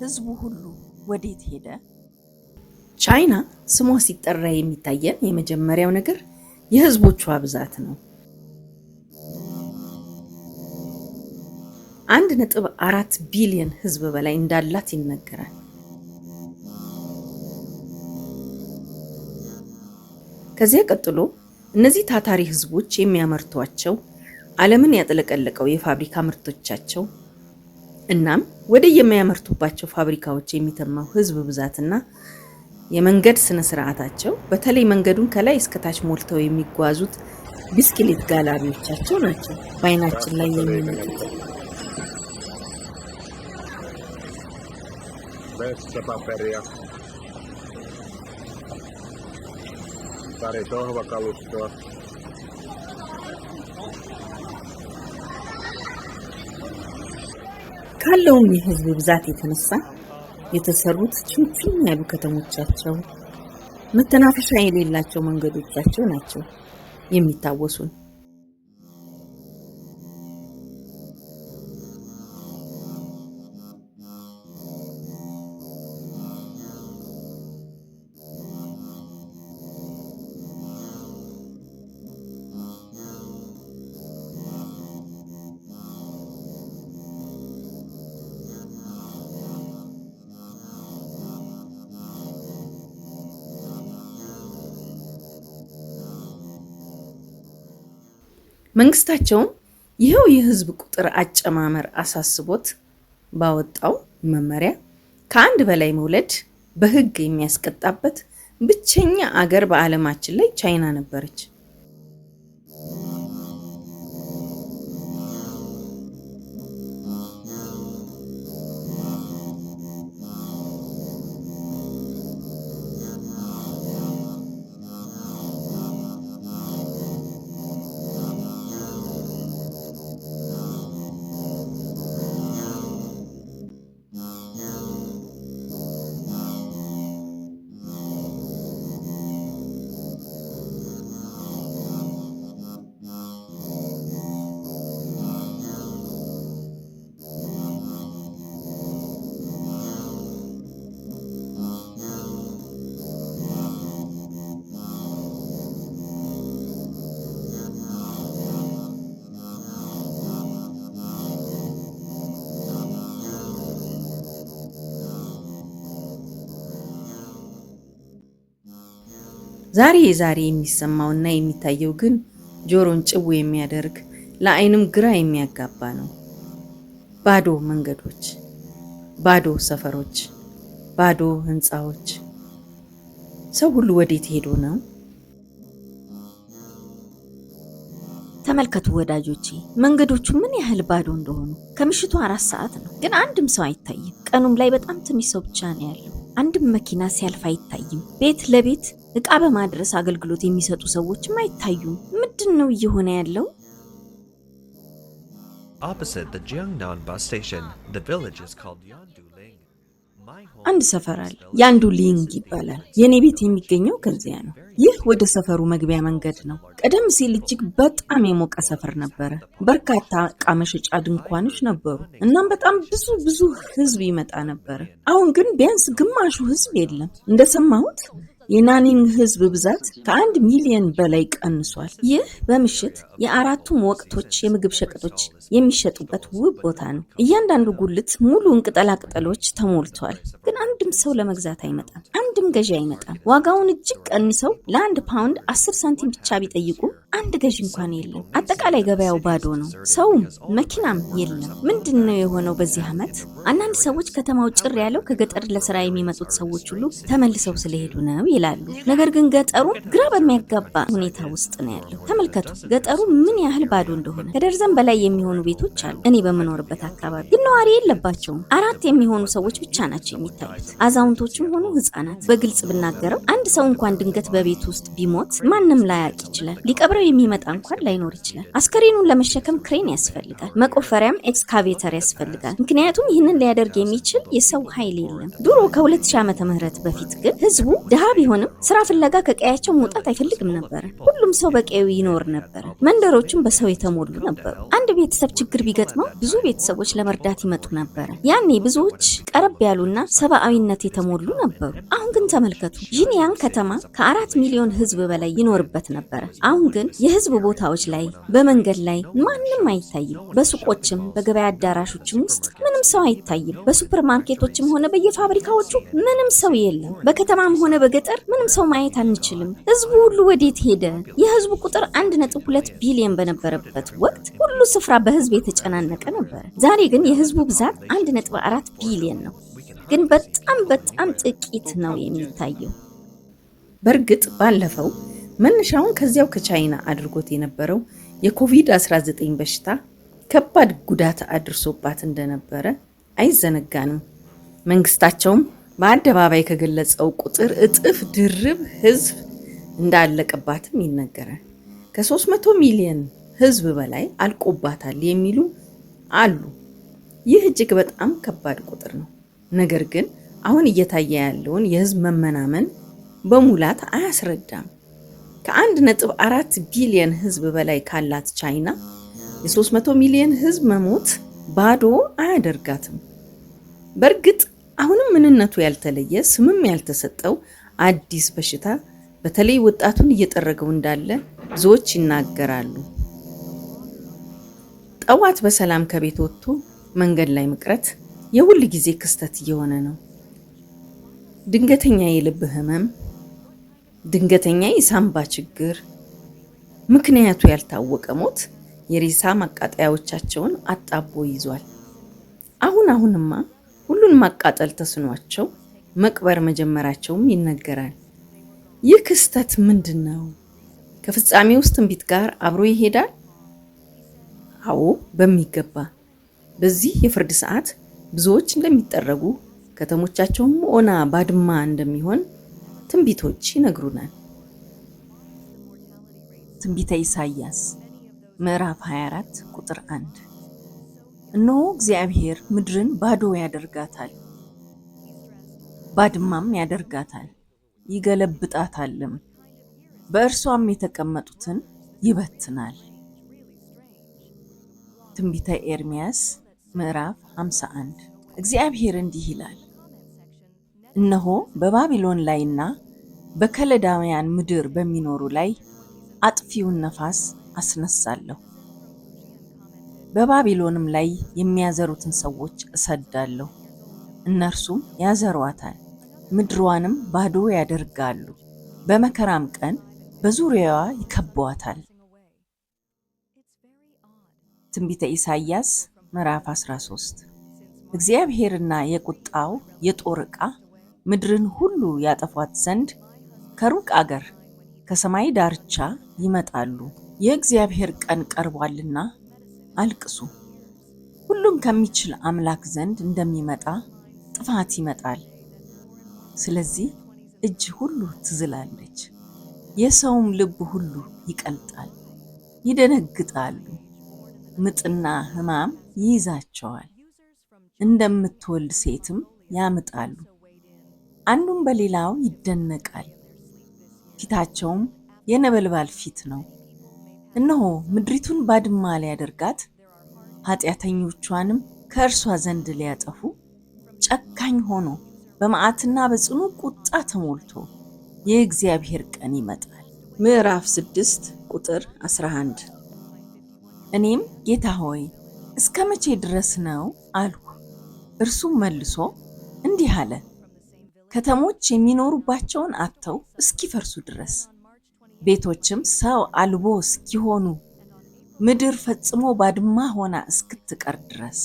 ህዝቡ ሁሉ ወዴት ሄደ? ቻይና ስሟ ሲጠራ የሚታየን የመጀመሪያው ነገር የህዝቦቿ ብዛት ነው። አንድ ነጥብ አራት ቢሊዮን ህዝብ በላይ እንዳላት ይነገራል። ከዚያ ቀጥሎ እነዚህ ታታሪ ህዝቦች የሚያመርቷቸው ዓለምን ያጥለቀለቀው የፋብሪካ ምርቶቻቸው እናም ወደ የሚያመርቱባቸው ፋብሪካዎች የሚተማው ህዝብ ብዛትና የመንገድ ስነ ስርዓታቸው በተለይ መንገዱን ከላይ እስከታች ሞልተው የሚጓዙት ብስክሌት ጋላቢዎቻቸው ናቸው በዓይናችን ላይ የሚመጡት። ካለውም የህዝብ ብዛት የተነሳ የተሰሩት ችንችን ያሉ ከተሞቻቸው መተናፈሻ የሌላቸው መንገዶቻቸው ናቸው የሚታወሱን። መንግስታቸውም ይኸው የህዝብ ቁጥር አጨማመር አሳስቦት ባወጣው መመሪያ ከአንድ በላይ መውለድ በህግ የሚያስቀጣበት ብቸኛ አገር በዓለማችን ላይ ቻይና ነበረች። ዛሬ የዛሬ እና የሚታየው ግን ጆሮን ጭው የሚያደርግ ለአይንም ግራ የሚያጋባ ነው። ባዶ መንገዶች፣ ባዶ ሰፈሮች፣ ባዶ ህንፃዎች ሰው ሁሉ ወዴት ሄዶ ነው? ተመልከቱ ወዳጆቼ፣ መንገዶቹ ምን ያህል ባዶ እንደሆኑ። ከምሽቱ አራት ሰዓት ነው፣ ግን አንድም ሰው አይታይም። ቀኑም ላይ በጣም ትንሽ ሰው ብቻ ነው ያለው። አንድም መኪና ሲያልፍ አይታይም። ቤት ለቤት እቃ በማድረስ አገልግሎት የሚሰጡ ሰዎችም አይታዩም። ምንድን ነው እየሆነ ያለው? Opposite the Jiangnan bus station, the village is called Yandu Ling. አንድ ሰፈር አለ። የአንዱ ሊንግ ይባላል። የእኔ ቤት የሚገኘው ከዚያ ነው። ይህ ወደ ሰፈሩ መግቢያ መንገድ ነው። ቀደም ሲል እጅግ በጣም የሞቀ ሰፈር ነበረ። በርካታ ዕቃ መሸጫ ድንኳኖች ነበሩ። እናም በጣም ብዙ ብዙ ህዝብ ይመጣ ነበረ። አሁን ግን ቢያንስ ግማሹ ህዝብ የለም። እንደሰማሁት የናኒንግ ህዝብ ብዛት ከአንድ ሚሊዮን በላይ ቀንሷል። ይህ በምሽት የአራቱም ወቅቶች የምግብ ሸቀጦች የሚሸጡበት ውብ ቦታ ነው። እያንዳንዱ ጉልት ሙሉውን ቅጠላቅጠሎች ተሞልቷል። ግን አንድም ሰው ለመግዛት አይመጣም። አንድም ገዢ አይመጣም። ዋጋውን እጅግ ቀንሰው ለአንድ ፓውንድ አስር ሳንቲም ብቻ ቢጠይቁ አንድ ገዢ እንኳን የለም። አጠቃላይ ገበያው ባዶ ነው። ሰውም መኪናም የለም። ምንድን ነው የሆነው በዚህ ዓመት? አንዳንድ ሰዎች ከተማው ጭር ያለው ከገጠር ለስራ የሚመጡት ሰዎች ሁሉ ተመልሰው ስለሄዱ ነው ይችላሉ። ነገር ግን ገጠሩ ግራ በሚያጋባ ሁኔታ ውስጥ ነው ያለው። ተመልከቱ ገጠሩ ምን ያህል ባዶ እንደሆነ። ከደርዘን በላይ የሚሆኑ ቤቶች አሉ። እኔ በምኖርበት አካባቢ ግን ነዋሪ የለባቸውም። አራት የሚሆኑ ሰዎች ብቻ ናቸው የሚታዩት፣ አዛውንቶችም ሆኑ ህጻናት። በግልጽ ብናገረው አንድ ሰው እንኳን ድንገት በቤት ውስጥ ቢሞት ማንም ላያውቅ ይችላል። ሊቀብረው የሚመጣ እንኳን ላይኖር ይችላል። አስከሬኑን ለመሸከም ክሬን ያስፈልጋል፣ መቆፈሪያም ኤክስካቬተር ያስፈልጋል። ምክንያቱም ይህንን ሊያደርግ የሚችል የሰው ኃይል የለም። ድሮ ከ2000 ዓመተ ምህረት በፊት ግን ህዝቡ ድሃ ቢሆን ቢሆንም ስራ ፍለጋ ከቀያቸው መውጣት አይፈልግም ነበር። ሁሉም ሰው በቀዩ ይኖር ነበር። መንደሮቹም በሰው የተሞሉ ነበሩ። አንድ ቤተሰብ ችግር ቢገጥመው ብዙ ቤተሰቦች ለመርዳት ይመጡ ነበር። ያኔ ብዙዎች ቀረብ ያሉና ሰብአዊነት የተሞሉ ነበሩ። አሁን ግን ተመልከቱ፣ ዢንያን ከተማ ከአራት ሚሊዮን ህዝብ በላይ ይኖርበት ነበረ። አሁን ግን የህዝብ ቦታዎች ላይ፣ በመንገድ ላይ ማንም አይታይም። በሱቆችም በገበያ አዳራሾችም ውስጥ ምንም ሰው አይታይም። በሱፐርማርኬቶችም ሆነ በየፋብሪካዎቹ ምንም ሰው የለም። በከተማም ሆነ በገጠር ምንም ሰው ማየት አንችልም። ህዝቡ ሁሉ ወዴት ሄደ? የህዝቡ ቁጥር 1.2 ቢሊዮን በነበረበት ወቅት ሁሉ ስፍራ በህዝብ የተጨናነቀ ነበር። ዛሬ ግን የህዝቡ ብዛት 1.4 ቢሊዮን ነው፣ ግን በጣም በጣም ጥቂት ነው የሚታየው። በእርግጥ ባለፈው መነሻውን ከዚያው ከቻይና አድርጎት የነበረው የኮቪድ-19 በሽታ ከባድ ጉዳት አድርሶባት እንደነበረ አይዘነጋንም። መንግስታቸውም በአደባባይ ከገለጸው ቁጥር እጥፍ ድርብ ህዝብ እንዳለቀባትም ይነገራል። ከ300 ሚሊዮን ህዝብ በላይ አልቆባታል የሚሉ አሉ። ይህ እጅግ በጣም ከባድ ቁጥር ነው። ነገር ግን አሁን እየታየ ያለውን የህዝብ መመናመን በሙላት አያስረዳም። ከ ከ1.4 ቢሊዮን ህዝብ በላይ ካላት ቻይና የ300 ሚሊዮን ህዝብ መሞት ባዶ አያደርጋትም። በእርግጥ አሁንም ምንነቱ ያልተለየ ስምም ያልተሰጠው አዲስ በሽታ በተለይ ወጣቱን እየጠረገው እንዳለ ብዙዎች ይናገራሉ። ጠዋት በሰላም ከቤት ወጥቶ መንገድ ላይ መቅረት የሁል ጊዜ ክስተት እየሆነ ነው። ድንገተኛ የልብ ህመም፣ ድንገተኛ የሳምባ ችግር፣ ምክንያቱ ያልታወቀ ሞት የሬሳ ማቃጠያዎቻቸውን አጣቦ ይዟል። አሁን አሁንማ ሁሉን ማቃጠል ተስኗቸው መቅበር መጀመራቸውም ይነገራል። ይህ ክስተት ምንድን ነው? ከፍጻሜ ውስጥ ትንቢት ጋር አብሮ ይሄዳል? አዎ በሚገባ። በዚህ የፍርድ ሰዓት ብዙዎች እንደሚጠረጉ ከተሞቻቸውም ኦና ባድማ እንደሚሆን ትንቢቶች ይነግሩናል። ትንቢተ ኢሳያስ ምዕራፍ 24 ቁጥር 1 እነሆ እግዚአብሔር ምድርን ባዶ ያደርጋታል፣ ባድማም ያደርጋታል፣ ይገለብጣታልም፣ በእርሷም የተቀመጡትን ይበትናል። ትንቢተ ኤርምያስ ምዕራፍ 51 እግዚአብሔር እንዲህ ይላል፣ እነሆ በባቢሎን ላይና በከለዳውያን ምድር በሚኖሩ ላይ አጥፊውን ነፋስ አስነሳለሁ፣ በባቢሎንም ላይ የሚያዘሩትን ሰዎች እሰዳለሁ፣ እነርሱም ያዘሯታል፣ ምድሯንም ባዶ ያደርጋሉ፣ በመከራም ቀን በዙሪያዋ ይከቧታል። ትንቢተ ኢሳይያስ ምዕራፍ 13 እግዚአብሔርና የቁጣው የጦር ዕቃ ምድርን ሁሉ ያጠፏት ዘንድ ከሩቅ አገር ከሰማይ ዳርቻ ይመጣሉ። የእግዚአብሔር ቀን ቀርቧልና አልቅሱ። ሁሉን ከሚችል አምላክ ዘንድ እንደሚመጣ ጥፋት ይመጣል። ስለዚህ እጅ ሁሉ ትዝላለች፣ የሰውም ልብ ሁሉ ይቀልጣል፣ ይደነግጣሉ፣ ምጥና ሕማም ይይዛቸዋል፣ እንደምትወልድ ሴትም ያምጣሉ። አንዱም በሌላው ይደነቃል፣ ፊታቸውም የነበልባል ፊት ነው። እነሆ ምድሪቱን ባድማ ሊያደርጋት ኃጢአተኞቿንም ከእርሷ ዘንድ ሊያጠፉ ጨካኝ ሆኖ በመዓትና በጽኑ ቁጣ ተሞልቶ የእግዚአብሔር ቀን ይመጣል። ምዕራፍ 6 ቁጥር 11 እኔም ጌታ ሆይ እስከ መቼ ድረስ ነው አልሁ። እርሱም መልሶ እንዲህ አለ ከተሞች የሚኖሩባቸውን አጥተው እስኪፈርሱ ድረስ ቤቶችም ሰው አልቦ እስኪሆኑ ምድር ፈጽሞ ባድማ ሆና እስክትቀር ድረስ